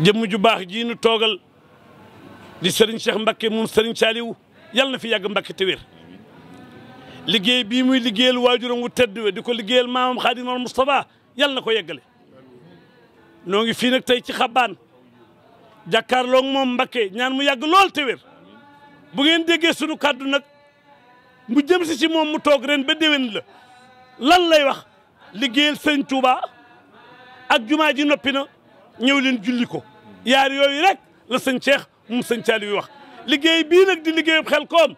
jëmm ju baax jii nu toogal di Serigne Cheikh Mbacké moom Serigne Saliou yàlla na fi yàgg Mbacké te wér liggéey bii muy liggéeyal waajuram wu tedd we di ko liggéeyal maamam Xaadimal Moustapha yàlla na ko yeggale noo ngi fii nag tey ci xabaan jàkkaarloo moom Mbakke ñaan mu yàgg lool te wér bu ngeen déggee sunu kàddu nag mu jëm si si moom mu toog ren ba déwén la lan lay wax liggéeyal sëñ Touba ak jumaa ji noppi na ñëw leen julli ko yaar yooyu rek la sëñ Cheikh moom sëñ Thiali wax liggéey bii nag di liggéeyu xel koom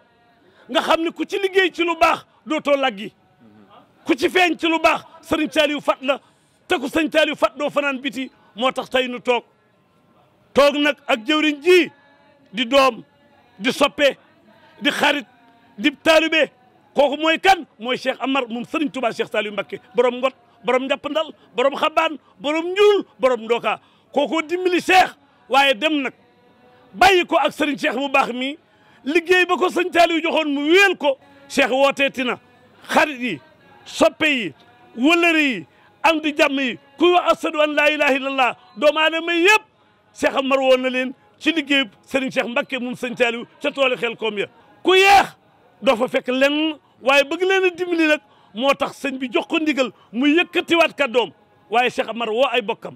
nga xam ne ku ci liggéey ci lu baax dootoo laggi ku ci feeñ ci lu baax sëriñ Saliou fat la te ku sëriñ Saliou fat doo fanaan biti moo tax tey nu toog toog nag ak jëwriñ ji di doom di soppe di xarit di taalibe kooku mooy kan mooy Cheikh Amar moom sëriñ Touba Cheikh Saliou Mbacké borom ngot borom ndal borom xabaan borom njuul borom ndoka kooku dimbali Cheikh waaye dem nag bàyyi ko ak sëriñ Cheikh bu baax mi liggéey ba ko sëriñ Saliou joxoon mu wéel ko cheikh wooteeti na xarit yi soppe yi wëllëri yi am di jàmm yi ku wax asadu an laa ilaha illallah doomu aadama yëpp cheikh Amar woon na leen ci liggéey Serigne Cheikh Mbacké moom sëñ Saliou ca tooli xel koom ya ku yeex doo fa fekk lenn waaye bëgg leen a dimbali moo tax sëñ bi jox ko ndigal mu yëkkatiwaat kàddoom waaye Cheikh Amar woo ay bokkam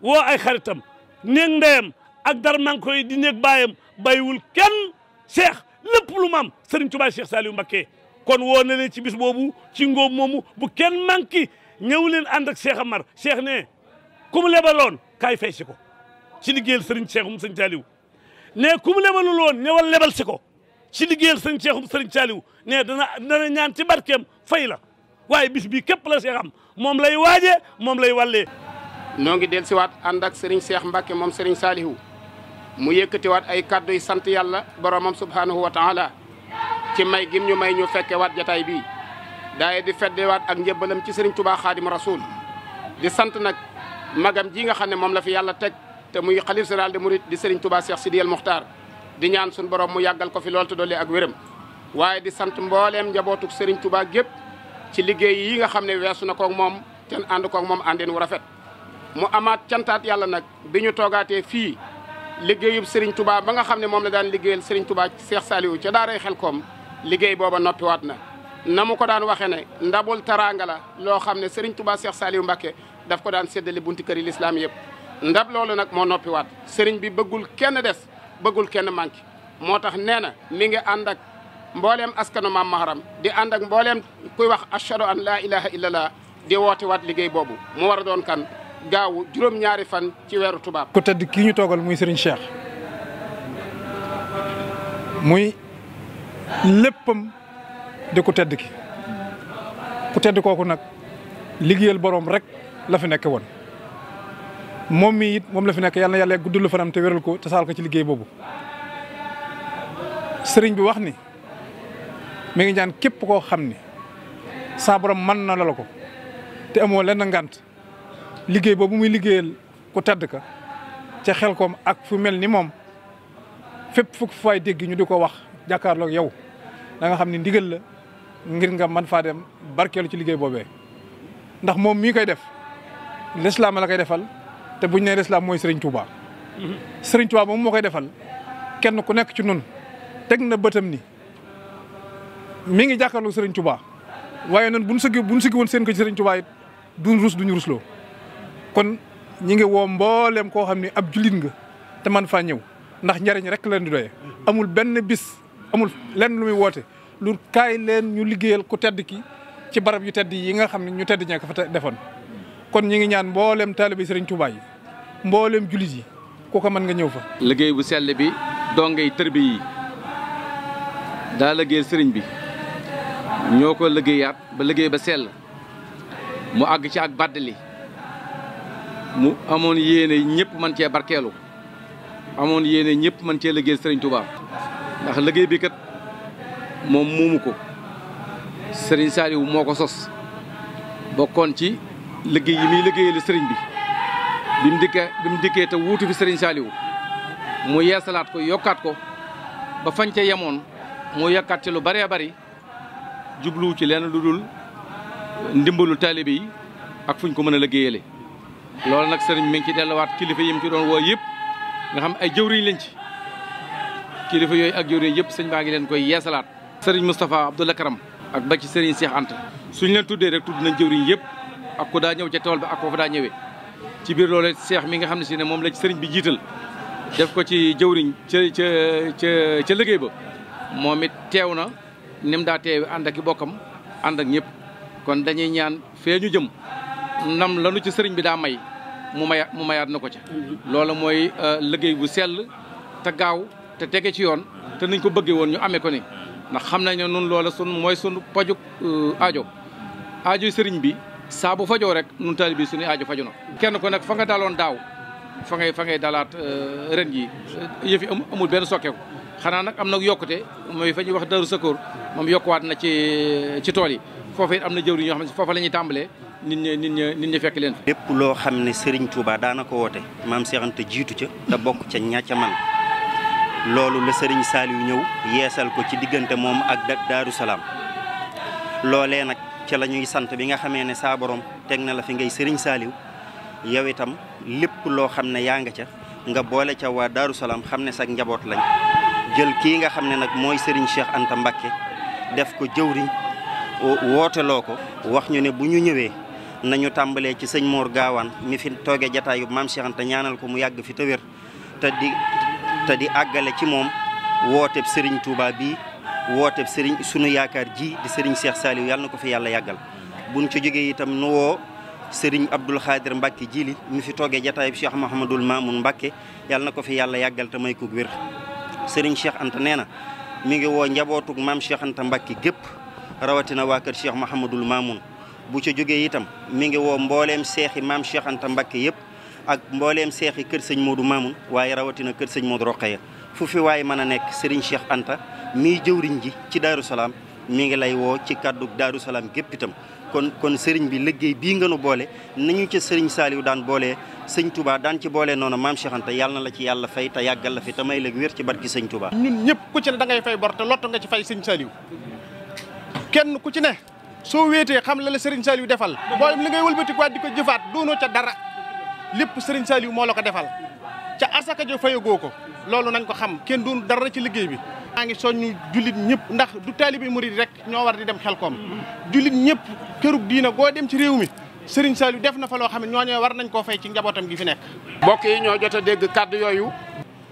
woo ay xaritam néeg ndeyam ak darmanko yi di néeg baayam bàyyiwul kenn Cheikh lépp lu maam Serigne Touba Cheikh Saliou Mbacké kon woo na leen ci bis boobu ci ngóob moomu bu kenn manqué ñëw leen ànd ak mar Amar Cheikh ne ku mu lebaloon kaay fay si ko ci liggéeyal Serigne Cheikhum Serigne Saliou ne ku mu lebalul woon ñëwal lebal si ko ci liggéeyal Serigne Cheikhum Serigne Saliou ne dana dana ñaan ci barkeem fay la waaye bis bii képp la Cheikh am moom lay waajee moom lay wallee. noo ngi dellusiwaat ànd ak Serigne Cheikh Mbacké moom Serigne Saliou. mu waat ay kàddu yi sant yàlla boromam subhaanahu wa taala ci may gim ñu may ñu fekke waat jataay bii daaye di feddewaat ak njëbbalam ci sëriñ tubaa xaadim rasul di sant nag magam ji nga xam ne moom la fi yàlla teg te muy xalif général de murit di sëriñ tubaa seex sidiyal muxtaar di ñaan suñu borom mu yàggal ko fi lool te dolli ak wéram waaye di sant mbooleem njabootuk sëriñ tubaa gépp ci liggéey yi nga xam ne weesu na kook moom ten ànd koog moom àndeen wu rafet mu amaat cantaat yàlla nag bi fii liggéeyub Serigne Touba ba nga xam ne moom la daan liggéeyal Serigne Touba Cheikh Saliou ca daaray koom liggéey booba noppiwaat na. na mu ko daan waxee ne ndabul taraanga la loo xam ne Serigne Touba Cheikh Saliou mbake daf ko daan séddale bunti kër yi lislaam yëpp ndab loolu nag moo noppiwaat Serigne bi bëggul kenn des bëggul kenn manqué moo tax nee na mi ngi ànd ak mbooleem askanu maam maharam di ànd ak mbooleem kuy wax ashhadu an laa ilaha illallah di woote waat boobu mu war a doon kan gaaw juróom-ñaari fan ci weeru tubaab. ku tëdd kii ñu toogal muy Serigne Cheikh muy léppam di ku tëdd ki ku tëdd kooku nag liggéeyal boroom rek la fi nekk woon moom mii it moom la fi nekk yàlla na yàlla guddul fanam te wéral ko te saal ko ci liggéey boobu sëriñ bi wax ni mi ngi ñaan képp koo xam ni saa borom mën na la ko te amoo lenn ngant. liggéey boobu muy liggéeyal ku tedd ka ca xel koom ak fu mel ni moom fépp fu fay dégg ñu di ko wax jàkkaarloog yow da xam ne ndigal la ngir nga man faa dem barkeelu ci liggéey boobee. ndax moom mii koy def lislaam la koy defal te buñ ne lislaam mooy Serigne Touba. Serigne Touba moom moo koy defal kenn ku nekk ci nun teg na bëtam ni mi ngi jàkkaarloog Serigne Touba waaye noonu buñ sëgg buñ sëgg woon seen ko du Serigne Touba it duñ rus duñ rusloo. kon ñi ngi woo mbooleem koo xam ne ab jullit nga te man faa ñëw ndax njariñ rek leen di doye amul benn bis amul lenn lu muy woote lu kaay leen ñu liggéeyal ku tedd ki ci barab yu tedd yi nga xam ne ñu tedd ña ko fa defoon kon ñi ngi ñaan mbooleem taalibe Sëriñ Tuubaa yi mbooleem jullit yi ku ko mën nga ñëw fa liggéey bu sell bi dongay bi yi daa liggéey sëriñ bi ñoo ko liggéeyaat ba liggéey ba sell mu àgg ci ak li mu amoon yéene ñëpp man cee barkeelu amoon yéene ñëpp man cee liggéey Serigne Touba ndax liggéey bi kat moom muumu ko Serigne Saliou moo ko sos bokkoon ci liggéey yi muy liggéeyal Serigne bi bi mu dikkee bi mu dikkee te wuutu fi Serigne Saliou mu yeesalaat ko yokkaat ko ba fañ ca yemoon mu yokkaat ci lu bëree bëri jubluwu ci lenn lu dul ndimbalu taalibe yi ak fuñ ko mën a liggéeyale loolu nag sëriñ mi ngi ci delluwaat kilifa yi mu ci doon wooy yëpp nga xam ay jëwriñ lañ ci kilifa yooyu ak jëwriñ yëpp sëñ baa ngi leen koy yeesalaat. sëriñ Moustapha Abdoulaye Karam ak ba ci sëriñ Cheikh Anta suñ leen tuddee rek tudd nañ jëwriñ yëpp ak ku daa ñëw ca tool bi ak koo daa ñëwee ci biir loolu Cheikh mi nga xam ne si ne moom la ci sëriñ bi jiital def ko ci jëwriñ ca ca ca ca liggéey ba moom it teew na nim mu daa teew ànd ak i bokkam ànd ak ñëpp kon dañuy ñaan fee ñu jëm nam lanu ci sëriñ bi daa may mu maya mu mayaat na ko ca loola mooy euh, liggéey bu sell te gaaw te tege ci yoon te nañ ko bëggee woon ñu amee ko ni ndax xam nañ ne nun loola sun mooy sun pajuk euh, ajo ajo sëriñ bi saa bu fajoo rek nun taalibe bi ajo aajo faju na kenn ko nag fa nga daloon daaw fa ngay fa ngay dalaat euh, ren yi yëfi amul benn sokkeeku xanaa nag am nag yokkute mooy fa wax daru sakoor moom yokkuwaat na ci ci tool yi foofa am na jëwri ñoo xam ne foofa la ñuy tàmbalee nit ñi fekk leen lépp loo xam ne Serigne Touba daana ko woote maam seexante Anta jiitu ca te bokk ca ñàcc man loolu la Serigne Saliou ñëw yeesal ko ci diggante moom ak Daaru Salaam loolee nag ca la ñuy sant bi nga xamee ne saa borom teg na la fi ngay sëriñ saaliw yow itam lépp loo xam ne yaa nga ca nga boole ca waa Daaru Salaam xam ne sax njaboot lañ jël kii nga xam ne nag mooy Serigne Cheikh Anta Mbacké def ko jëwriñ wooteloo ko wax ñu ne bu ñu ñëwee. nañu tàmbalee ci sëñ moor Gaawaan mi fi tooge jataayu maam Cheikh Anta ñaanal ko mu yàgg fi te wér te di te di àggale ci moom wooteb sëriñ Touba bii wooteb sëriñ sunu yaakaar ji di sëriñ Cheikh Saliou yàlla na ko fi yàlla yàggal buñ ci jógee itam nu woo sëriñ Abdul Xaadir Mbacke jili mi fi toogee jataayub Cheikh Mahamadul Mamoun Mbacke yàlla na ko fi yàlla yàggal te may ko wér sëriñ Cheikh Anta nee na mi ngi woo njabootug maam Cheikh Anta Mbacke gépp rawatina waa kër Cheikh Mahamadul Mamoun bu ca jógee itam mi ngi woo mbooleem seexi maam Cheikh Anta Mbakke yëpp ak mbooleem seexi kër sëñ Modou Mamoun waaye rawatina kër sëñ Modou Rokhaya fu fi waaye mën a nekk Serigne Cheikh Anta mii jëwriñ ji ci Daaru Salaam mi ngi lay woo ci kàddu Daaru Salaam gépp itam kon kon sëriñ bi liggéey bii nga nu boole nañu ca sëriñ Saaliw daan boole sëñ Touba daan ci boole noonu maam Cheikh Anta yàlla na la ci yàlla fay te yàggal la fi te may la wér ci barki sëñ Touba. ñun ñëpp ku da ngay fay bor te sëñ Saaliw soo wéetee xam la la Serigne Saliou defal mboolem li ngay wëlbatikuwaat di ko jëfaat doonoo ca dara lépp Serigne Saliou moo la ko defal ca asaka jo fayagoo ko loolu nañ ko xam kenn doonu dara ci liggéey bi maa ngi soññu jullit ñëpp ndax du taalibe murid rek ñoo war di dem xelkoom jullit ñëpp kërug diina goo dem ci réew mi Serigne Saliou def na fa loo xam ne ñooñee war nañ ko fay ci njabootam gi fi nekk mbokk yi ñoo jot a dégg kàddu yooyu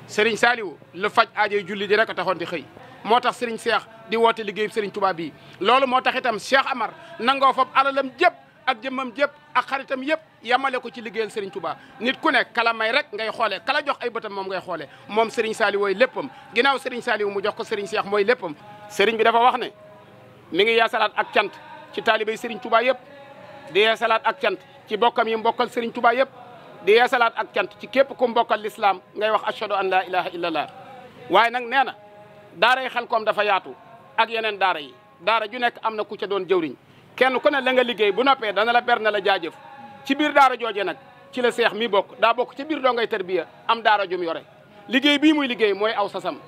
Serigne Saliou la faj aajo jullit di rek a taxoon di xëy moo tax Serigne Cheikh di woote liggéeyu Serigne Touba bi loolu moo tax itam Cheikh Amar nangoo foofu alalam jëpp ak jëmmam jëpp ak xaritam yëpp yamale ko ci liggéeyal Serigne Touba nit ku ne kala may rek ngay xoolee kala jox ay bëtam moom ngay xoole moom Serigne Saliou wooy léppam ginnaaw Serigne Saliou mu jox ko Serigne Cheikh mooy léppam Serigne bi dafa wax ne mi ngi yaasalaat ak cant ci taalibey Serigne Touba yëpp di yeesalaat ak cant ci bokkam yi mbokkal Serigne Touba yëpp di yeesalaat ak cant ci képp ku mbokkal l'islam ngay wax ashhadu an la ilaha illallah daaray Xelkom dafa yaatu ak yeneen daara yi daara ju nekk am na ku ca doon jëwriñ kenn ku ne la nga liggéey bu noppee dana la ber na la jaajëf ci biir daara jooje nag ci la seex mi bokk daa bokk ci biir dongay tarbiya am daara jum yore liggéey bii muy liggéey mooy aw sasam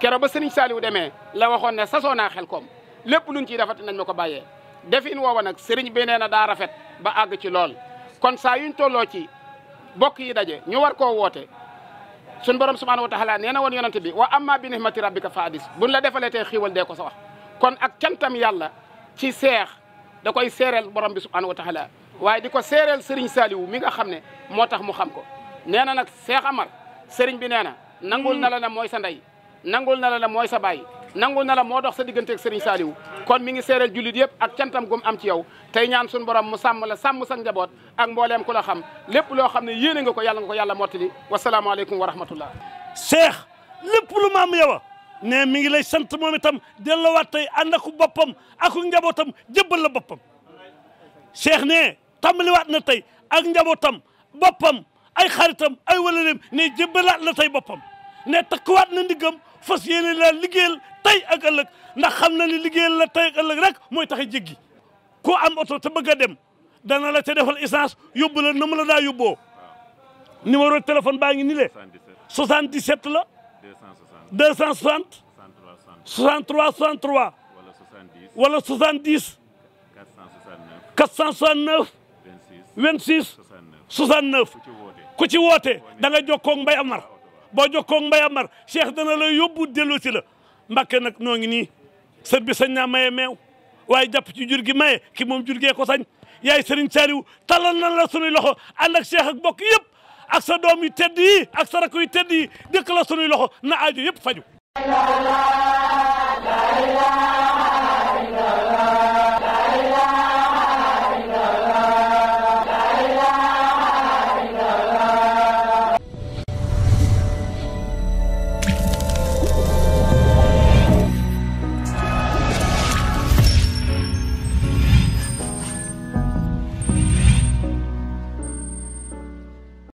kero ba sëriñ Saaliwu demee la waxoon ne sasoo naa koom lépp luñ ciy defati nañ ma ko bàyyee defin woowa nag sëriñ bi nee na daa rafet ba àgg ci lool kon saa yuñ tolloo ci bokk yi daje ñu war koo woote suñ borom subhanahu wa taala nee na woon yonente bi wa amma bi nihmati rabbika fa hadis buñ la defalee tey xiiwal de ko sa wax kon ak cantam yàlla ci seex da koy seereel borom bi subhanahu wa taala waaye di ko seereel Serigne Saliou mi nga xam ne moo tax mu xam ko nee na nag Seex Amar Serigne bi nee na nangul na la ne mooy sa ndey nangul na la ne mooy sa baay nangu na moo dox sa diggante ak Serigne Saliou kon mi ngi seereel jullit yëpp ak cantam gum am ci yow tey ñaan suñu borom mu sàmm la sàmm sa njaboot ak mbooleem ku la xam lépp loo xam ne yéene nga ko yàlla nga ko yàlla mottali wasalaamaaleykum wa rahmatullah seex lépp lu ma am yow ne mi ngi lay sant moom itam delloowaat tey ànd ak boppam ak njabootam jëbbal la boppam seex ne tàmbaliwaat na tey ak njabootam boppam ay xaritam ay walareem ne jëbbalaat la tey boppam ne takkuwaat na ndiggam fas yéene laa liggéeyal tey ak ëllëg ndax xam na ni liggéeyal la tey ak ëllëg rek mooy tax a jéggi koo am oto te bëgg a dem dana la ca defal essence yóbbu la na mu la daa yóbboo numéro téléphone baa ngi ni le 77 la 260 63 63 wala 70 469 26 69 ku ci woote danga nga mbay ak Mbaye boo jokkoo ak Mbaye Amar Cheikh dana la yóbbu delloo si la Mbàkke nag noo ngi nii sa bi sañ naa maye meew waaye jàpp ci jur gi maye ki moom jur gee ko sañ yaay Serigne Saliou talal na la sunuy loxo ànd ak ak bokk yëpp ak sa doom yu tedd yi ak sa rakk yu tedd yi dëkk la sunuy loxo na aajo yëpp faju